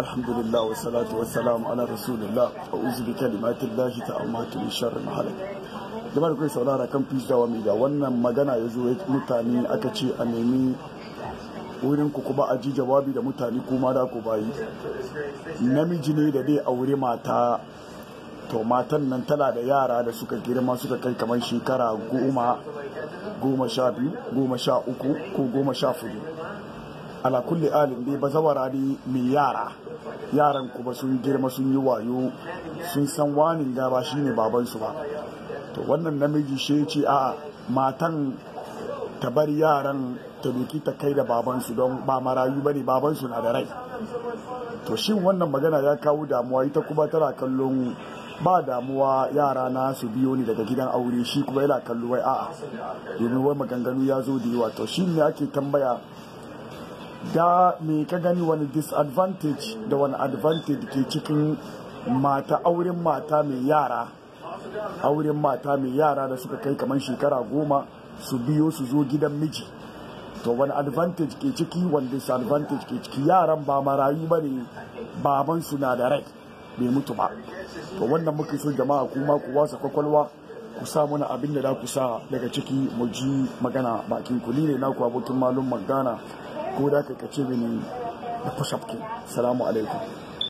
الحمد لله والصلاة والسلام على رسول الله أعوذ بكلمات الله تأمات من شر حلق jama'ar kai saurara kan في dawa mai da wannan magana ya zo mutane aka ce a nemi wurin ku kuma a ji jawabi da mutane kuma da ku bayi namiji ne da dai aure mata to matan nan tana da yara da suka girma suka kai kamar shekara goma goma sha biyu goma sha uku ko goma sha fudu ala kulli alin dai bazawara ne mai yara yaran kuma sun girma sun yi wayo sun san wanin gaba shine babansu ba to wannan namiji shi ce a matan ta bar yaran ta doki ta kai da babansu don ba marayu ba bane babansu na da rai to shin wannan magana ya kawo damuwa ita kuma tana kallon ba damuwa yara na su biyo ni daga gidan aure shi kuma yana kallo wai a'a domin wai maganganu ya zo da yawa to shi ne ake tambaya da me ka gani wani disadvantage da wani advantage ke cikin mata auren mata mai yara auren mata mai yara da suka kai kamar shekara goma su biyo su zo gidan miji to wani advantage ke ciki wani disadvantage ke ciki yaran ba marayu ba ne baban su na da rai bai mutu ba to wannan muke so jama'a kuma ku wasa kwakwalwa ku sa mana abin da za ku sa daga ciki mu ji magana bakin ku ne naku abokin malum magana ko da ka kace mini da push up ke salamu alaikum